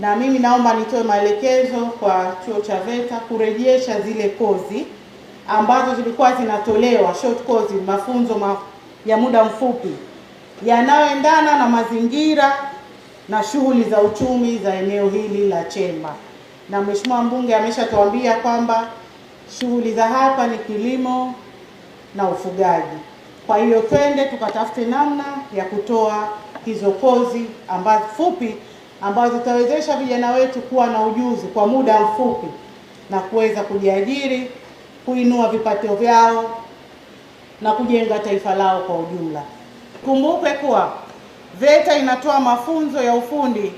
na mimi naomba nitoe maelekezo kwa chuo cha VETA kurejesha zile kozi ambazo zilikuwa zinatolewa short course, mafunzo ma, ya muda mfupi yanayoendana na mazingira na shughuli za uchumi za eneo hili la Chemba, na mheshimiwa mbunge ameshatuambia kwamba shughuli za hapa ni kilimo na ufugaji. Kwa hiyo twende tukatafute namna ya kutoa hizo kozi ambazo fupi ambazo zitawezesha vijana wetu kuwa na ujuzi kwa muda mfupi na kuweza kujiajiri, kuinua vipato vyao na kujenga taifa lao kwa ujumla. Kumbuke kuwa VETA inatoa mafunzo ya ufundi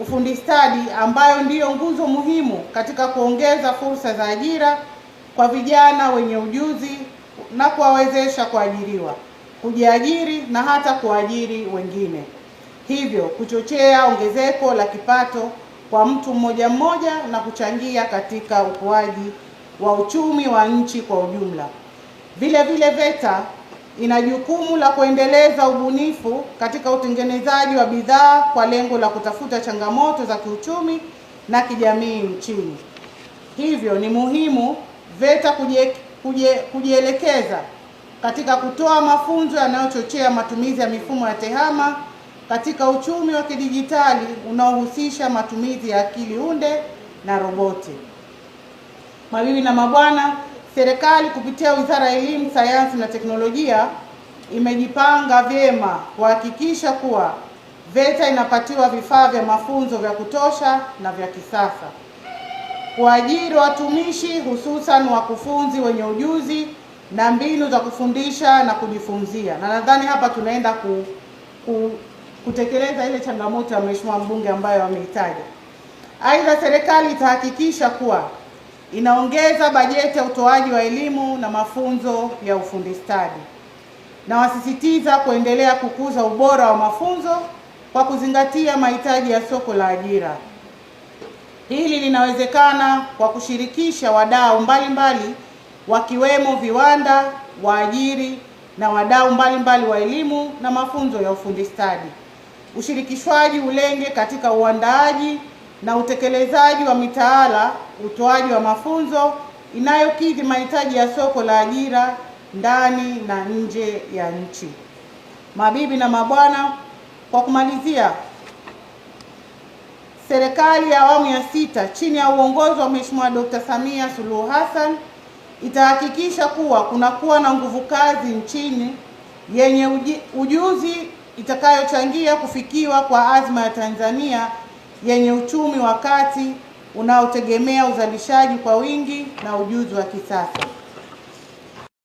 ufundi stadi ambayo ndiyo nguzo muhimu katika kuongeza fursa za ajira kwa vijana wenye ujuzi na kuwawezesha kuajiriwa, kujiajiri na hata kuajiri wengine hivyo kuchochea ongezeko la kipato kwa mtu mmoja mmoja na kuchangia katika ukuaji wa uchumi wa nchi kwa ujumla. Vile vile VETA ina jukumu la kuendeleza ubunifu katika utengenezaji wa bidhaa kwa lengo la kutafuta changamoto za kiuchumi na kijamii nchini. Hivyo ni muhimu VETA kuje, kuje, kujielekeza katika kutoa mafunzo yanayochochea matumizi ya mifumo ya tehama katika uchumi wa kidijitali unaohusisha matumizi ya akili unde na roboti. Mabibi na mabwana, serikali kupitia Wizara ya Elimu, Sayansi na Teknolojia imejipanga vyema kuhakikisha kuwa VETA inapatiwa vifaa vya mafunzo vya kutosha na vya kisasa, kuajiri watumishi hususan wakufunzi wenye ujuzi na mbinu za kufundisha na kujifunzia, na nadhani hapa tunaenda ku, ku kutekeleza ile changamoto ya mheshimiwa mbunge ambayo ameitaja. Aidha, serikali itahakikisha kuwa inaongeza bajeti ya utoaji wa elimu na mafunzo ya ufundi stadi na wasisitiza kuendelea kukuza ubora wa mafunzo kwa kuzingatia mahitaji ya soko la ajira. Hili linawezekana kwa kushirikisha wadau mbalimbali wakiwemo viwanda, waajiri na wadau mbalimbali wa elimu na mafunzo ya ufundi stadi ushirikishwaji Ulenge katika uandaaji na utekelezaji wa mitaala, utoaji wa mafunzo inayokidhi mahitaji ya soko la ajira ndani na nje ya nchi. Mabibi na mabwana, kwa kumalizia, serikali ya awamu ya sita chini ya uongozi wa Mheshimiwa Dr. Samia Suluhu Hassan itahakikisha kuwa kunakuwa na nguvu kazi nchini yenye ujuzi itakayochangia kufikiwa kwa azma ya Tanzania yenye uchumi wa kati unaotegemea uzalishaji kwa wingi na ujuzi wa kisasa.